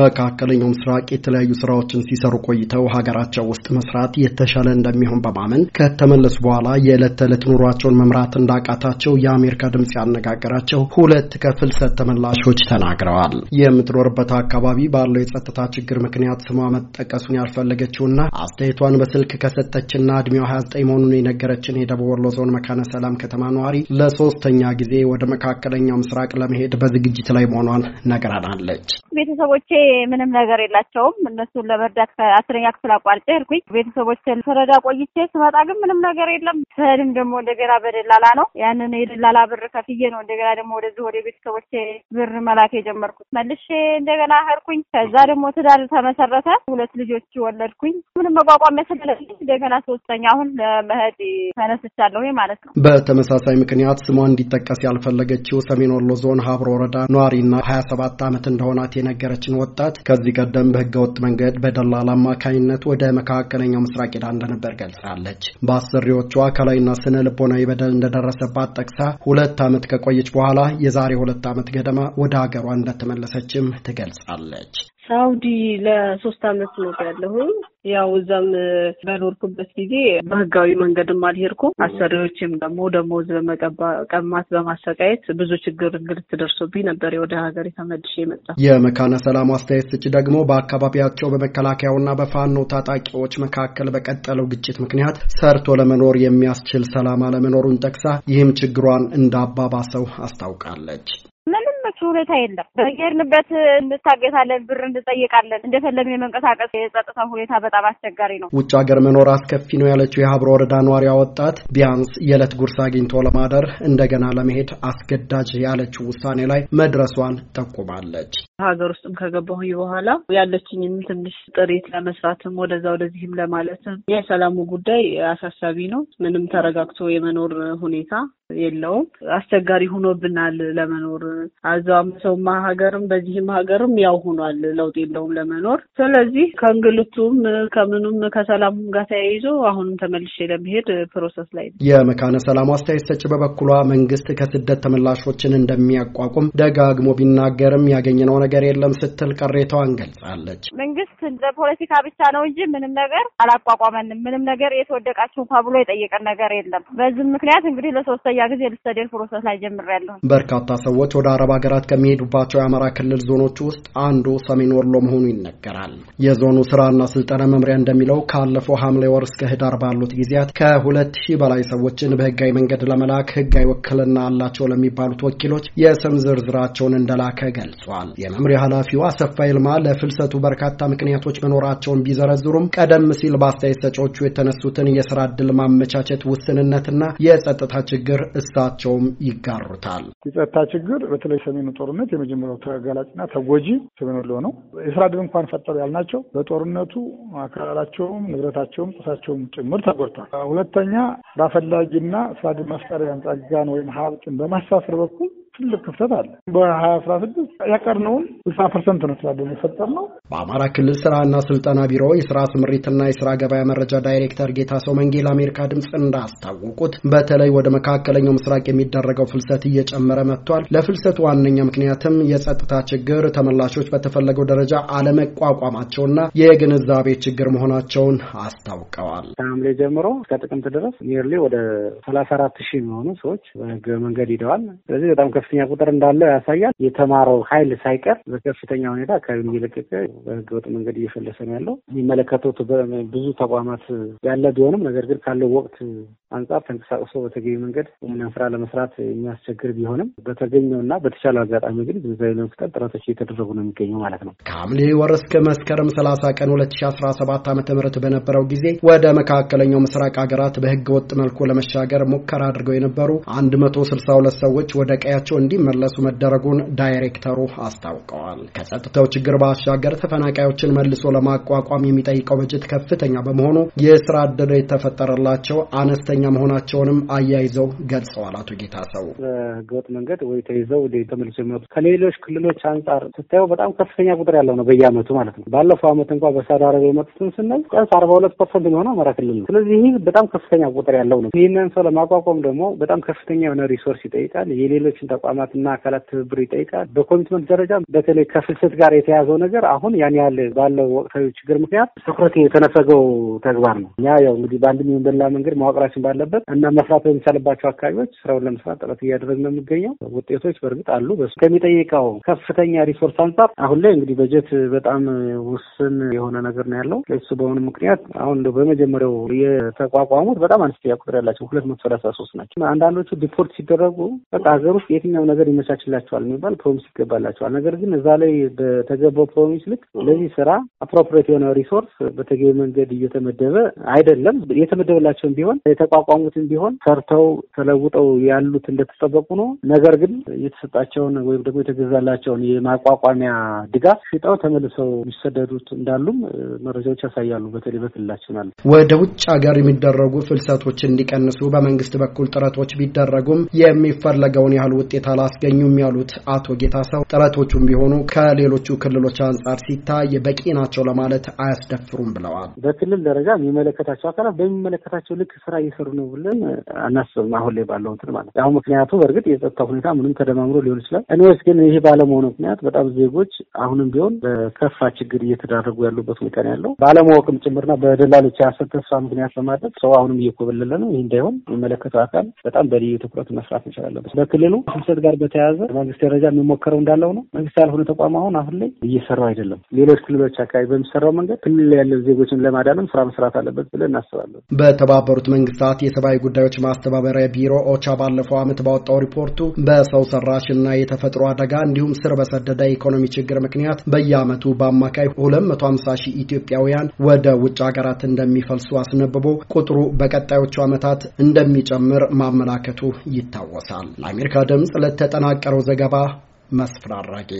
መካከለኛው ምስራቅ የተለያዩ ስራዎችን ሲሰሩ ቆይተው ሀገራቸው ውስጥ መስራት የተሻለ እንደሚሆን በማመን ከተመለሱ በኋላ የዕለት ተዕለት ኑሯቸውን መምራት እንዳቃታቸው የአሜሪካ ድምፅ ያነጋገራቸው ሁለት ከፍልሰት ተመላሾች ተናግረዋል። የምትኖርበት አካባቢ ባለው የጸጥታ ችግር ምክንያት ስሟ መጠቀሱን ያልፈለገችውና አስተያየቷን በስልክ ከሰጠችና እድሜዋ 29 መሆኑን የነገረችን የደቡብ ወሎ ዞን መካነ ሰላም ከተማ ነዋሪ ለሶስተኛ ጊዜ ወደ መካከለኛው ምስራቅ ለመሄድ በዝግጅት ላይ መሆኗን ነገራናለች። ቤተሰቦች ምንም ነገር የላቸውም። እነሱን ለመርዳት ከአስረኛ ክፍል አቋርጬ ሄድኩኝ። ቤተሰቦችን ስረዳ ቆይቼ ስመጣ ግን ምንም ነገር የለም። ስሄድም ደግሞ እንደገና በደላላ ነው። ያንን የደላላ ብር ከፍዬ ነው እንደገና ደግሞ ወደዚህ ወደ ቤተሰቦቼ ብር መላክ የጀመርኩት። መልሼ እንደገና ሄድኩኝ። ከዛ ደግሞ ትዳር ተመሰረተ። ሁለት ልጆች ወለድኩኝ። ምንም መቋቋም ያስለለኝ እንደገና ሶስተኛ አሁን ለመሄድ ተነስቻለሁ ማለት ነው። በተመሳሳይ ምክንያት ስሟ እንዲጠቀስ ያልፈለገችው ሰሜን ወሎ ዞን ሀብሮ ወረዳ ነዋሪና ሀያ ሰባት አመት እንደሆናት የነገረችን ወጣት ከዚህ ቀደም በህገወጥ መንገድ በደላል አማካኝነት ወደ መካከለኛው ምስራቅ ሄዳ እንደነበር ገልጻለች። በአሰሪዎቿ ከላይና ስነ ልቦናዊ በደል እንደደረሰባት ጠቅሳ ሁለት ዓመት ከቆየች በኋላ የዛሬ ሁለት ዓመት ገደማ ወደ ሀገሯ እንደተመለሰችም ትገልጻለች። ሳውዲ ለሶስት አመት ነው ያለሁ። ያው እዛም በኖርኩበት ጊዜ በህጋዊ መንገድም አልሄድኩም። አሰሪዎችም ደግሞ ደሞዝ በመቀማት በማሰቃየት ብዙ ችግር እንግልት ደርሶብኝ ነበር ወደ ሀገር ተመልሼ የመጣ። የመካነ ሰላም አስተያየት ስጭ ደግሞ በአካባቢያቸው በመከላከያውና በፋኖ ታጣቂዎች መካከል በቀጠለው ግጭት ምክንያት ሰርቶ ለመኖር የሚያስችል ሰላም አለመኖሩን ጠቅሳ ይህም ችግሯን እንዳባባሰው አስታውቃለች። የመንቀሳቀሳችን ሁኔታ የለም። በየሄድንበት እንታገታለን፣ ብር እንጠይቃለን። እንደፈለግን የመንቀሳቀስ የጸጥታ ሁኔታ በጣም አስቸጋሪ ነው። ውጭ ሀገር መኖር አስከፊ ነው ያለችው የሀብሮ ወረዳ ኗሪያ ወጣት ቢያንስ የዕለት ጉርስ አግኝቶ ለማደር እንደገና ለመሄድ አስገዳጅ ያለችው ውሳኔ ላይ መድረሷን ጠቁማለች። ሀገር ውስጥም ከገባሁኝ በኋላ ያለችኝን ትንሽ ጥሪት ለመስራትም ወደዛ ወደዚህም ለማለትም የሰላሙ ጉዳይ አሳሳቢ ነው። ምንም ተረጋግቶ የመኖር ሁኔታ የለውም። አስቸጋሪ ሆኖብናል ለመኖር አዛም ሰውማ ሀገርም በዚህም ሀገርም ያው ሆኗል። ለውጥ የለውም ለመኖር። ስለዚህ ከእንግልቱም ከምኑም ከሰላሙም ጋር ተያይዞ አሁንም ተመልሼ ለመሄድ ፕሮሰስ ላይ ነው። የመካነ ሰላም አስተያየት ሰጭ በበኩሏ መንግስት ከስደት ተመላሾችን እንደሚያቋቁም ደጋግሞ ቢናገርም ያገኘነው ነገር የለም ስትል ቅሬታዋን ገልጻለች። መንግስት ለፖለቲካ ብቻ ነው እንጂ ምንም ነገር አላቋቋመንም። ምንም ነገር የተወደቃችሁ እንኳ ብሎ የጠየቀን ነገር የለም። በዚህም ምክንያት እንግዲህ ለሶስተ ለማሳያ ጊዜ ልስተዴር ፕሮሰስ ላይ ጀምሬያለሁ። በርካታ ሰዎች ወደ አረብ ሀገራት ከሚሄዱባቸው የአማራ ክልል ዞኖች ውስጥ አንዱ ሰሜን ወሎ መሆኑ ይነገራል። የዞኑ ስራና ስልጠና መምሪያ እንደሚለው ካለፈው ሐምሌ ወር እስከ ህዳር ባሉት ጊዜያት ከሁለት ሺህ በላይ ሰዎችን በህጋዊ መንገድ ለመላክ ህጋዊ ውክልና አላቸው ለሚባሉት ወኪሎች የስም ዝርዝራቸውን እንደላከ ገልጿል። የመምሪያ ኃላፊው አሰፋ ይልማ ለፍልሰቱ በርካታ ምክንያቶች መኖራቸውን ቢዘረዝሩም ቀደም ሲል በአስተያየት ሰጪዎቹ የተነሱትን የስራ እድል ማመቻቸት ውስንነትና የጸጥታ ችግር እሳቸውም ይጋሩታል። የጸጥታ ችግር በተለይ ሰሜኑ ጦርነት የመጀመሪያው ተጋላጭና ተጎጂ ሰሜን ወሎ ነው። የስራ ድል እንኳን ፈጠሩ ያልናቸው በጦርነቱ አካላቸውም ንብረታቸውም ቁሳቸውም ጭምር ተጎድቷል። ሁለተኛ ስራ ፈላጊና ስራ ድል መፍጠሪያን ጸጋን ወይም ሀብትን በማሳሰር በኩል ትልቅ ክፍተት አለ። በሀያ አስራ ስድስት ያቀርነውን ስልሳ ፐርሰንት ነው ስራ የፈጠር ነው። በአማራ ክልል ስራና ስልጠና ቢሮ የስራ ስምሪትና የስራ ገበያ መረጃ ዳይሬክተር ሰው መንጌ ለአሜሪካ ድምፅ እንዳስታወቁት በተለይ ወደ መካከለኛው ምስራቅ የሚደረገው ፍልሰት እየጨመረ መጥቷል። ለፍልሰቱ ዋነኛ ምክንያትም የጸጥታ ችግር፣ ተመላሾች በተፈለገው ደረጃ አለመቋቋማቸውና የግንዛቤ ችግር መሆናቸውን አስታውቀዋል። ከሐምሌ ጀምሮ እስከ ጥቅምት ድረስ ኒርሊ ወደ ሰላሳ አራት ሺህ የሚሆኑ ሰዎች በህገ መንገድ ሂደዋል። ስለዚህ በጣም ከፍተኛ ቁጥር እንዳለው ያሳያል። የተማረው ኃይል ሳይቀር በከፍተኛ ሁኔታ አካባቢ እየለቀቀ በህገወጥ መንገድ እየፈለሰ ነው ያለው። የሚመለከተው ብዙ ተቋማት ያለ ቢሆንም ነገር ግን ካለው ወቅት አንጻር ተንቀሳቅሶ በተገቢ መንገድ ይህንን ስራ ለመስራት የሚያስቸግር ቢሆንም በተገኘውና በተቻለ አጋጣሚ ግን ግንዛቤ ለመፍጠር ጥረቶች እየተደረጉ ነው የሚገኘው ማለት ነው። ከሐምሌ ወር እስከ መስከረም 30 ቀን 2017 ዓ ም በነበረው ጊዜ ወደ መካከለኛው ምስራቅ ሀገራት በህገ ወጥ መልኩ ለመሻገር ሙከራ አድርገው የነበሩ ሁለት ሰዎች ወደ ቀያቸው ቦታቸው እንዲመለሱ መደረጉን ዳይሬክተሩ አስታውቀዋል። ከጸጥታው ችግር ባሻገር ተፈናቃዮችን መልሶ ለማቋቋም የሚጠይቀው በጀት ከፍተኛ በመሆኑ የስራ እድል የተፈጠረላቸው አነስተኛ መሆናቸውንም አያይዘው ገልጸዋል። አቶ ጌታ ሰው በህገወጥ መንገድ ወይ ተይዘው ተመልሶ የሚወጡ ከሌሎች ክልሎች አንጻር ስታየው በጣም ከፍተኛ ቁጥር ያለው ነው በየአመቱ ማለት ነው። ባለፈው አመት እንኳ በሳውዲ አረቢያ የመጡትን ስናይ ቀንስ አርባ ሁለት ፐርሰንት የሚሆነው አማራ ክልል ነው። ስለዚህ ይህ በጣም ከፍተኛ ቁጥር ያለው ነው። ይህንን ሰው ለማቋቋም ደግሞ በጣም ከፍተኛ የሆነ ሪሶርስ ይጠይቃል። የሌሎችን ተቋ ተቋማትና አካላት ትብብር ይጠይቃል። በኮሚትመንት ደረጃ በተለይ ከፍልሰት ጋር የተያዘው ነገር አሁን ያን ያህል ባለው ወቅታዊ ችግር ምክንያት ትኩረት የተነፈገው ተግባር ነው። እኛ ያው እንግዲህ በአንድም ይሁን በሌላ መንገድ መዋቅራችን ባለበት እና መስራት በሚቻልባቸው አካባቢዎች ስራውን ለመስራት ጥረት እያደረግን ነው የሚገኘው። ውጤቶች በእርግጥ አሉ። በሱ ከሚጠይቀው ከፍተኛ ሪሶርስ አንጻር አሁን ላይ እንግዲህ በጀት በጣም ውስን የሆነ ነገር ነው ያለው። ለሱ በሆኑ ምክንያት አሁን በመጀመሪያው የተቋቋሙት በጣም አነስተኛ ቁጥር ያላቸው ሁለት መቶ ሰላሳ ሶስት ናቸው። አንዳንዶቹ ዲፖርት ሲደረጉ በቃ ሀገር ውስጥ የትኛ ማንኛውም ነገር ይመቻችላቸዋል የሚባል ፕሮሚስ ይገባላቸዋል። ነገር ግን እዛ ላይ በተገባው ፕሮሚስ ልክ ለዚህ ስራ አፕሮፕሬት የሆነ ሪሶርስ በተገቢ መንገድ እየተመደበ አይደለም። እየተመደበላቸውም ቢሆን የተቋቋሙትም ቢሆን ሰርተው ተለውጠው ያሉት እንደተጠበቁ ነው። ነገር ግን የተሰጣቸውን ወይም ደግሞ የተገዛላቸውን የማቋቋሚያ ድጋፍ ሽጠው ተመልሰው የሚሰደዱት እንዳሉም መረጃዎች ያሳያሉ። በተለይ በክልላችን አለ። ወደ ውጭ ሀገር የሚደረጉ ፍልሰቶች እንዲቀንሱ በመንግስት በኩል ጥረቶች ቢደረጉም የሚፈለገውን ያህል ውጤት ውጤት አላስገኙም ያሉት አቶ ጌታሰው ጥረቶቹም ቢሆኑ ከሌሎቹ ክልሎች አንጻር ሲታይ በቂ ናቸው ለማለት አያስደፍሩም ብለዋል። በክልል ደረጃ የሚመለከታቸው አካላት በሚመለከታቸው ልክ ስራ እየሰሩ ነው ብለን አናስብም። አሁን ላይ ባለው እንትን ማለት አሁን ምክንያቱ በእርግጥ የጸጥታ ሁኔታ ምንም ተደማምሮ ሊሆን ይችላል። እኔስ ግን ይህ ባለመሆኑ ምክንያት በጣም ዜጎች አሁንም ቢሆን በከፋ ችግር እየተዳረጉ ያሉበት ሁኔታ ነው ያለው። ባለማወቅም ጭምርና በደላሎች የሐሰት ተስፋ ምክንያት በማድረግ ሰው አሁንም እየኮበለለ ነው። ይህ እንዳይሆን የሚመለከተው አካል በጣም በልዩ ትኩረት መስራት እንችላለን። በክልሉ ስልሰ ከመስጠት ጋር በተያያዘ መንግስት ደረጃ የሚሞከረው እንዳለው ነው። መንግስት ያልሆነ ተቋም አሁን አሁን ላይ እየሰራው አይደለም። ሌሎች ክልሎች አካባቢ በሚሰራው መንገድ ክልል ያለ ዜጎችን ለማዳንም ስራ መስራት አለበት ብለን እናስባለን። በተባበሩት መንግስታት የሰብአዊ ጉዳዮች ማስተባበሪያ ቢሮ ኦቻ ባለፈው ዓመት ባወጣው ሪፖርቱ በሰው ሰራሽ እና የተፈጥሮ አደጋ እንዲሁም ስር በሰደደ የኢኮኖሚ ችግር ምክንያት በየአመቱ በአማካይ 250 ሺህ ኢትዮጵያውያን ወደ ውጭ ሀገራት እንደሚፈልሱ አስነብቦ ቁጥሩ በቀጣዮቹ ዓመታት እንደሚጨምር ማመላከቱ ይታወሳል። ለአሜሪካ ድምጽ ዕለት ተጠናቀረው ዘገባ መስፍን አራጌ